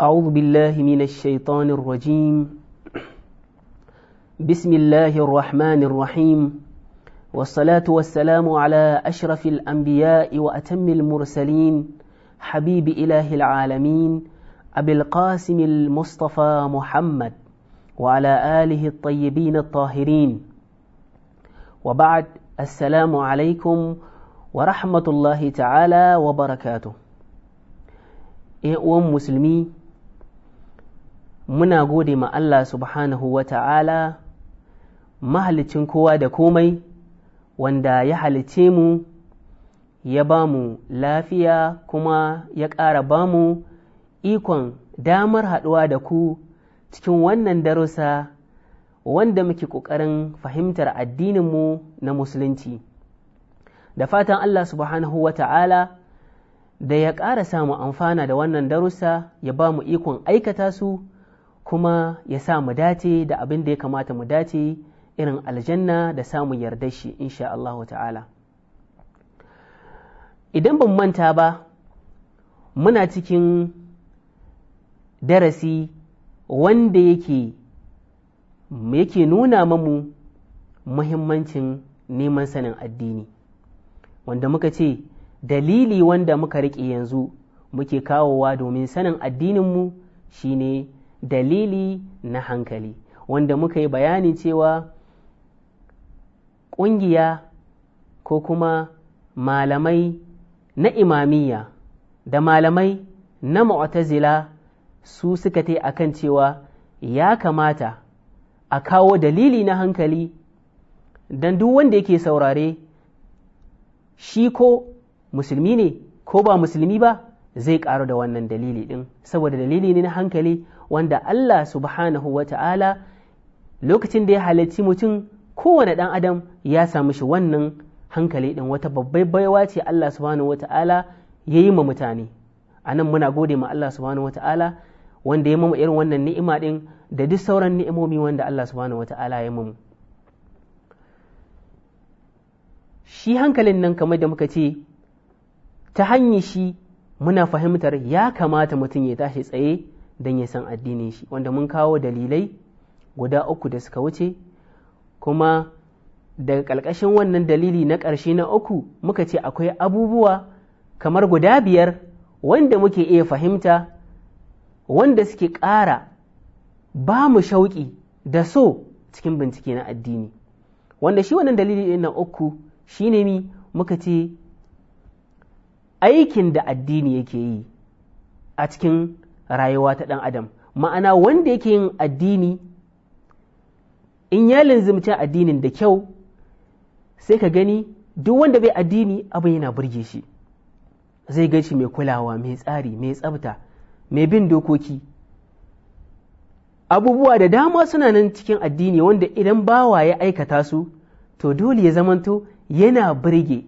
أعوذ بالله من الشيطان الرجيم بسم الله الرحمن الرحيم والصلاة والسلام على أشرف الأنبياء وأتم المرسلين حبيب إله العالمين أبي القاسم المصطفى محمد وعلى آله الطيبين الطاهرين وبعد السلام عليكم ورحمة الله تعالى وبركاته إيه أم مسلمين muna gode ma Allah subhanahu wa ta'ala mahalicin kowa da komai wanda ya halice mu ya ba mu lafiya kuma ya ƙara ba mu ikon damar haɗuwa da ku cikin wannan darussa wanda muke ƙoƙarin fahimtar addininmu na musulunci da fatan Allah subhanahu wa ta'ala da ya ƙara samu amfana da wannan darussa ya ba mu ikon aikata su kuma ya sa mu dace da abin da ya kamata mu dace irin aljanna da samu yarda shi insha Allah ta'ala idan ban manta ba muna cikin darasi wanda yake yake nuna mamu muhimmancin neman sanin addini wanda muka ce dalili wanda muka riƙe yanzu muke kawowa domin sanin addininmu shine dalili na hankali wanda muka yi bayani cewa ƙungiya ko kuma malamai na imamiyya da malamai na mu'tazila su suka a akan cewa ya kamata a kawo dalili na hankali don duk wanda yake saurare shi ko musulmi ne ko ba musulmi ba zai ƙara da wannan dalili ɗin saboda dalili ne na hankali wanda Allah subhanahu wa ta'ala lokacin da ya halarci mutum kowane ɗan adam ya samu shi wannan hankali ɗin wata babbai baiwa ce Allah subhanahu wa ta'ala ya yi ma mutane a nan muna gode ma Allah subhanahu wa ta'ala wanda ya mamu irin wannan ni'ima ɗin da duk sauran ni'imomi wanda Allah subhanahu wa ta'ala ya mamu shi hankalin nan kamar da muka ce ta hanyar shi muna fahimtar ya kamata mutum ya tashi tsaye don ya san addinin shi wanda mun kawo dalilai guda uku da suka wuce kuma daga ƙalƙashin wannan dalili na ƙarshe na uku muka ce akwai abubuwa kamar guda biyar wanda muke iya fahimta wanda suke ƙara ba mu shauƙi da so cikin bincike na addini wanda shi wannan dalili na uku shi ne mi muka ce aikin da addini yake yi a cikin rayuwa ta ɗan adam ma'ana wanda yake yin addini in ya linzimci addinin da kyau sai ka gani duk wanda bai addini abin yana burge shi zai gashi mai kulawa mai tsari mai tsabta mai bin dokoki abubuwa da dama suna nan cikin addini wanda idan bawa ya aikata su to dole ya zamanto yana burge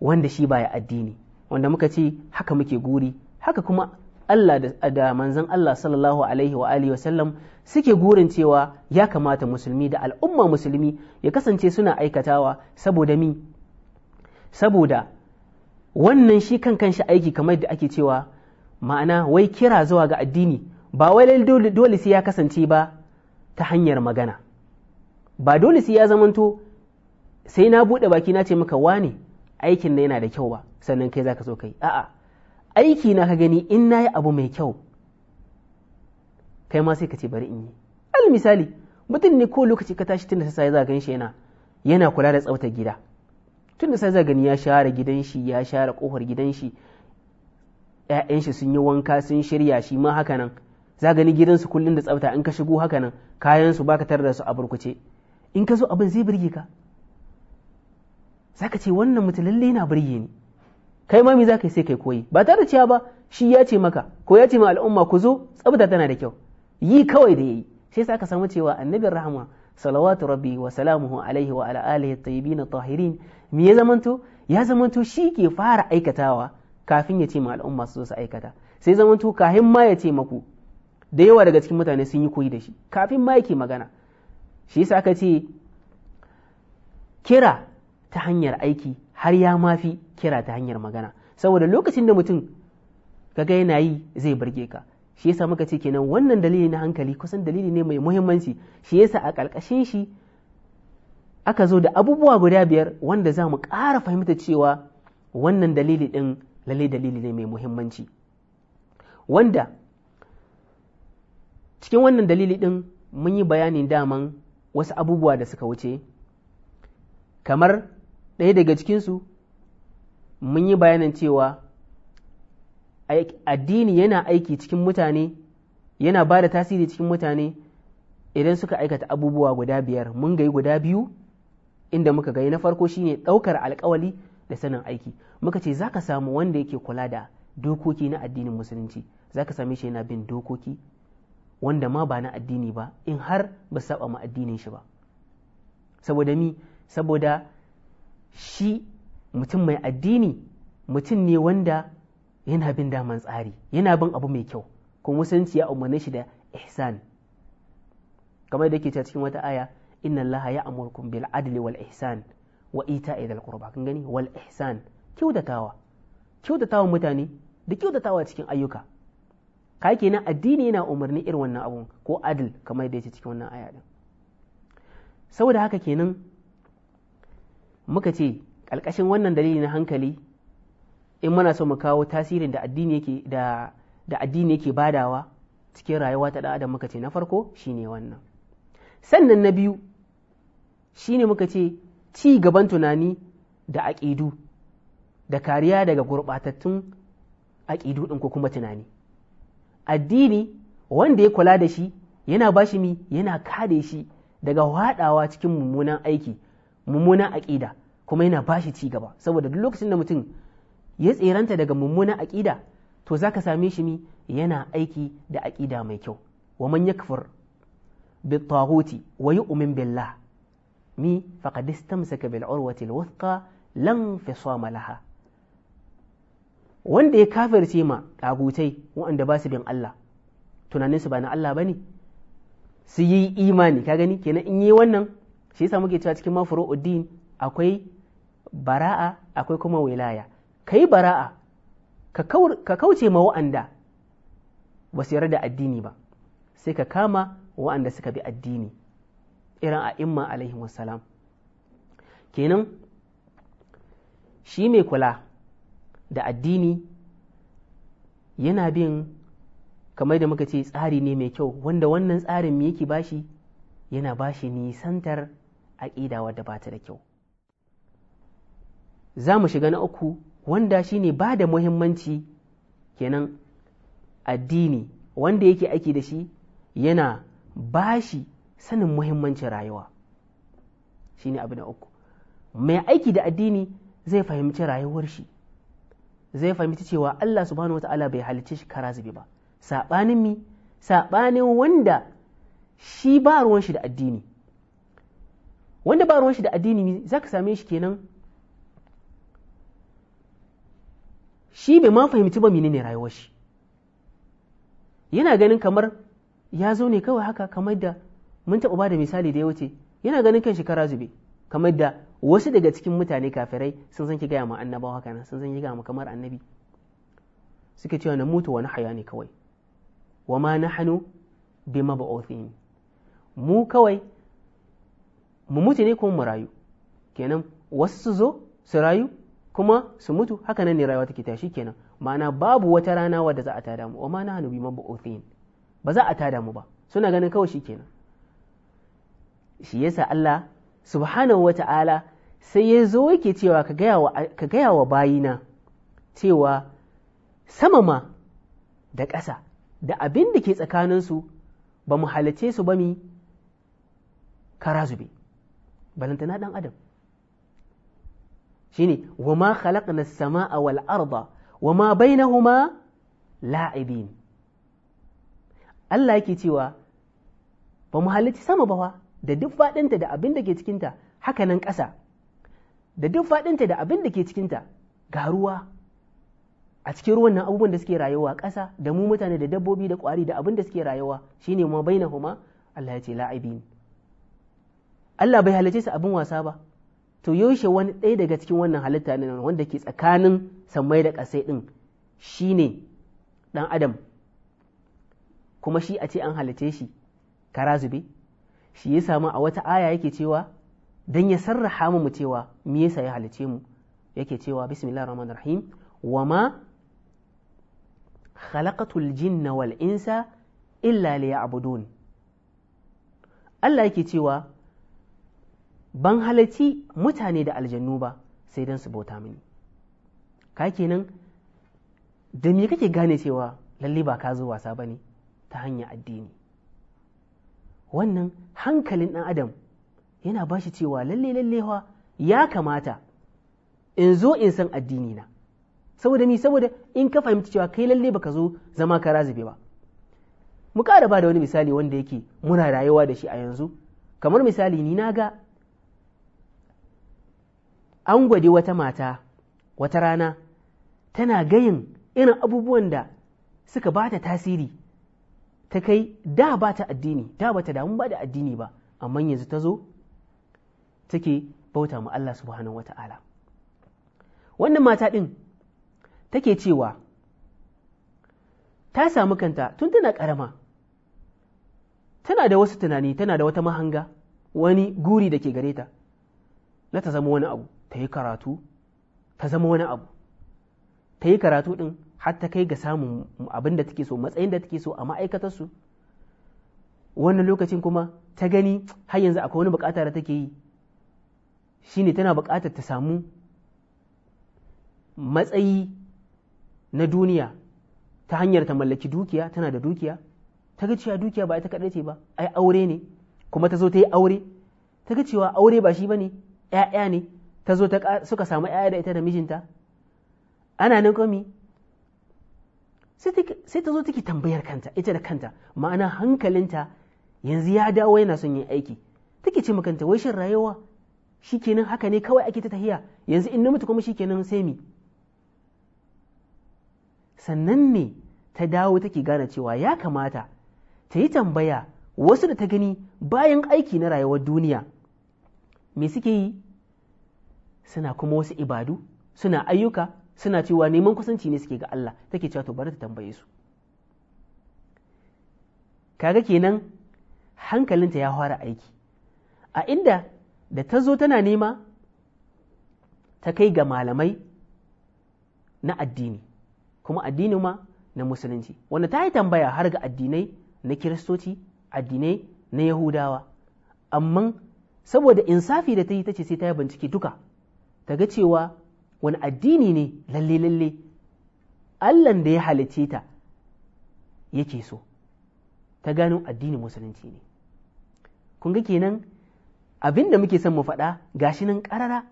wanda shi baya addini wanda muka ce haka muke guri haka kuma Allah da manzon Allah sallallahu alaihi wa alihi wa sallam suke gurin cewa ya kamata musulmi da al'umma musulmi ya kasance suna aikatawa saboda mi saboda wannan shi kan kanshi aiki kamar da ake cewa ma'ana wai kira zuwa ga addini ba wai dole sai ya kasance ba ta hanyar magana ba dole sai ya zamanto sai na buɗe baki na ce maka wane aikin na yana da kyau ba sannan kai zaka zo kai a'a aiki na ka gani in na yi abu mai kyau kai ma sai ka ce bari in yi al misali mutum ne ko lokaci ka tashi tun da sai za gan shi yana yana kula da tsaftar gida tun da sai za gani ya share gidan shi ya share kofar gidan shi ƴaƴan shi sun yi wanka sun shirya shi ma haka nan za gani gidansu kullun da tsafta in ka shigo haka nan kayan su baka tarda su a burkuce in ka zo abin zai burge ka zaka ce wannan mutum lalle yana burge ni kai ma me za ka yi sai kai koyi ba tare cewa ba shi ya ce maka ko ya ce ma al'umma ku zo tsabta tana da kyau yi kawai da yayi sai sa ka samu cewa annabi rahama salawatu rabbi wa salamuhu alaihi wa ala alihi tayyibin tahirin me ya zamanto ya zamanto shi ke fara aikatawa kafin ya ce ma al'umma su zo su aikata sai zamanto kafin ma ya ce maku da yawa daga cikin mutane sun yi koyi da shi kafin ma yake magana shi yasa aka ce kira ta hanyar aiki har ya mafi kira ta hanyar magana saboda lokacin da mutum kaga yana yi zai burge ka shi yasa muka ce kenan wannan dalili na hankali kusan dalili ne mai muhimmanci shi yasa a ƙarƙashin shi aka zo da abubuwa guda biyar wanda za mu ƙara fahimta cewa wannan dalili ɗin lalle dalili ne mai muhimmanci wanda cikin wannan dalili ɗin mun yi bayanin daman wasu abubuwa da suka wuce kamar ɗaya daga cikinsu mun yi bayanan cewa addini yana aiki cikin mutane yana ba da tasiri cikin mutane idan suka aikata abubuwa guda biyar mun gai guda biyu inda muka gai na farko shine ɗaukar alkawali da sanin aiki muka ce za ka samu wanda yake kula da dokoki na addinin musulunci za ka same shi yana bin dokoki wanda ma ba na addini ba in har ba saba ma addinin shi ba saboda mi saboda shi mutum mai addini mutum ne wanda yana bin daman tsari yana bin abu mai kyau kuma musulunci ya umarni shi da ihsan kamar da ke cikin wata aya inna allaha ya amurkum bil adli wal ihsan wa ita'i idal qurba kun gani wal ihsan kyautatawa kyautatawa mutane da kyautatawa cikin ayyuka ka kenan addini yana umarni irin wannan abun ko adil kamar da ce cikin wannan aya din saboda haka kenan muka ce ƙalƙashin wannan dalili na hankali in muna so mu kawo tasirin da addini yake da da addini yake badawa cikin rayuwa ta da muka ce na farko shine wannan sannan na biyu shine muka ce ci gaban tunani da aƙidu da kariya daga gurɓatattun aƙidu ɗin ko kuma tunani addini wanda ya kula da shi yana bashi mi yana kare shi daga waɗawa cikin mummunan aiki mummunan aƙida kuma yana bashi ci gaba saboda duk lokacin da mutum ya tseranta daga mummunan aƙida to za ka same shi mi yana aiki da aƙida mai kyau wa man yakfur bi taghuti wa yu'min billah mi faqad istamsaka bil urwati al wuthqa lan fisama laha wanda ya kafirce ma kagutai waɗanda ba su bin Allah tunaninsu ba na Allah bane su yi imani ka gani kenan in yi wannan shi yasa muke cewa cikin mafuru'uddin akwai bara'a akwai kuma wilaya kai bara'a ka kauce ma wa'anda ba su yarda da addini ba sai ka kama wa'anda suka bi addini irin a imma alaihi wasalam kenan shi mai kula da addini yana bin kamar da muka ce tsari ne mai kyau wanda wannan tsarin me yake bashi yana bashi nisantar aƙida wadda ba ta da kyau za mu shiga na uku wanda shine ba da muhimmanci kenan addini wanda yake aiki da shi yana ba shi sanin muhimmancin rayuwa Shi ne abu na uku mai aiki da addini zai fahimci rayuwar shi zai fahimci cewa Allah subhanahu ta'ala bai halicci shi kara zube ba saɓanin mi saɓanin wanda shi ba ruwan shi da addini wanda ba ruwan shi da addini za ka same shi kenan shi bai ma fahimci ba menene rayuwar shi yana ganin kamar ya zo ne kawai haka kamar da mun taɓa ba da misali da ya wuce yana ganin kan shekara zube kamar da wasu daga cikin mutane kafirai sun san ki gaya ma annabawa haka nan sun san ki gaya ma kamar annabi suka ce na mutu wani haya ne kawai wa ma nahanu bi mab'uthin mu kawai mu mutu ne kuma mu rayu kenan wasu su zo su rayu kuma su mutu haka nan ne rayuwa take tashi kenan ma'ana babu wata rana wadda za a tada mu wa ma nahnu bi mab'uthin ba za a tada mu ba suna ganin kawai shi kenan shi yasa Allah subhanahu wa ta'ala sai ya zo yake cewa ka gaya wa bayina cewa sama ma da ƙasa da abin da ke tsakaninsu ba mu halice su ba mi kara zube balantana dan adam shine wa ma khalaqna as samaaa wal arda wa ma bainahuma la'ibin Allah yake cewa ba mu halicci sama ba wa da duk fadinta da abin da ke cikinta haka nan ƙasa da duk fadinta da abin da ke cikinta ga ruwa a cikin ruwan nan abubuwan da suke rayuwa ƙasa da mu mutane da dabbobi da ƙwari da abin da suke rayuwa shine ma bainahuma Allah ya ce la'ibin Allah bai halice su abin wasa ba to yaushe wani ɗaya daga cikin wannan halitta ne wanda ke tsakanin sammai da ƙasai ɗin shine ɗan adam kuma shi a ce an halice shi kara zube shi ya samu a wata aya yake cewa dan ya sarraha mu cewa me yasa ya halice mu yake cewa bismillahir rahmanir rahim wama khalaqatul jinna wal insa illa liya'budun Allah yake cewa ban halarci mutane da aljannu ba sai don su bauta mini ka kenan da me kake gane cewa lalle ba ka zo wasa ba ne ta hanyar addini wannan hankalin ɗan adam yana ba shi cewa lalle lalle ya kamata in zo in san addini na saboda ni saboda in ka fahimci cewa kai lalle baka zo zama ka razube ba mu ƙara ba da wani misali wanda yake muna rayuwa da shi a yanzu kamar misali ni na ga an gwade wata mata wata rana tana gayin irin abubuwan da suka ba ta tasiri ta kai da ba ta addini da ba ta damu ba da addini ba amma yanzu ta zo take bauta mu Allah subhanahu wata'ala wannan mata ɗin take cewa ta samu kanta tun tana ƙarama tana da wasu tunani tana da wata mahanga wani guri da ke gare ta na ta zama wani abu ta yi karatu ta zama wani abu ta yi karatu ɗin har ta kai ga samun abin da take so matsayin da take so a ma'aikatarsu wannan lokacin kuma ta gani har yanzu akwai wani bukata da take yi shine tana bukatar ta samu matsayi na duniya ta hanyar ta mallaki dukiya tana da dukiya ta ga cewa dukiya ba ita kaɗai ce ba ai aure ne kuma ta zo ta yi aure ta ga cewa aure ba shi ba ne ‘ya'ya ne ta zo suka samu ‘ya'ya da ita da mijinta ana nan komi sai ta zo take tambayar kanta ita da kanta ma'ana hankalinta yanzu ya dawo yana son yin aiki take ce makanta wai shin rayuwa kenan haka ne kawai ake ta tahiya yanzu in na mutu kuma shikenan sai mi sannan ne ta dawo take gane cewa ya kamata ta yi tambaya wasu da ta gani bayan aiki na rayuwar duniya me suke yi suna kuma wasu ibadu suna ayyuka suna cewa neman kusanci ne suke ga Allah take cewa to bari ta tambaye su kaga kenan hankalinta ya fara aiki a inda da ta zo tana nema ta kai ga malamai na addini kuma addini ma na musulunci wanda ta yi tambaya har ga addinai na kiristoci addinai na yahudawa amma saboda insafi da ta yi ta ce sai ta yi bincike duka ta ga cewa wani addini ne lalle lalle Allah da ya halice ta yake so ta gano addinin musulunci ne kun ga kenan abin da muke son mu faɗa gashi nan ƙarara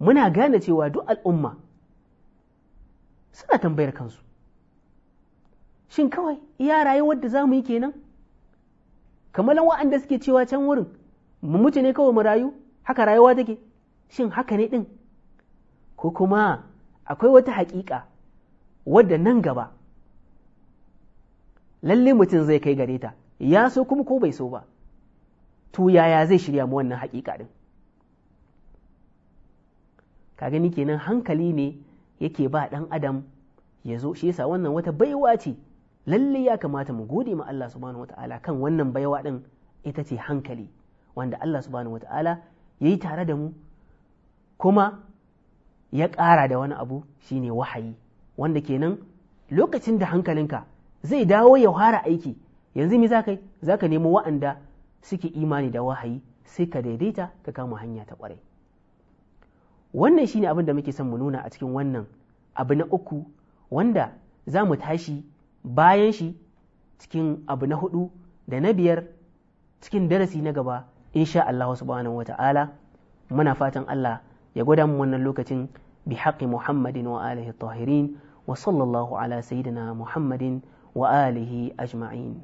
muna gane cewa duk al'umma suna tambayar kansu shin kawai iya rayuwar da za mu yi kenan kamalan wa'anda suke cewa can wurin mu mutu ne kawai mu rayu haka rayuwa take shin haka ne ɗin ko kuma akwai wata haƙiƙa wadda nan gaba lalle mutum zai kai gare ta ya so kuma ko bai so ba to yaya zai shirya mu wannan haƙiƙa din. ka gani kenan hankali ne yake ba ɗan adam ya zo shi yasa wannan wata baiwa ce lalle ya kamata mu gode ma Allah subhanahu wata'ala kan wannan baiwa din ita ce hankali wanda Allah subhanahu wata'ala ya yi tare da mu kuma ya ƙara da wani abu shine wahayi wanda kenan lokacin da hankalinka zai dawo ya fara aiki yanzu mi za ka za ka nemo wa'anda suke imani da wahayi sai ka daidaita ka kama hanya ta ƙwarai wannan shine abin da muke son mu nuna a cikin wannan abu na uku wanda za mu tashi bayan shi cikin abu na hudu da na biyar cikin darasi na gaba insha Allah subhanahu wata'ala muna fatan Allah ya gwada mu wannan lokacin bi haƙi muhammadin wa alihi tahirin wa sallallahu ala sayyidina muhammadin wa alihi ajma'in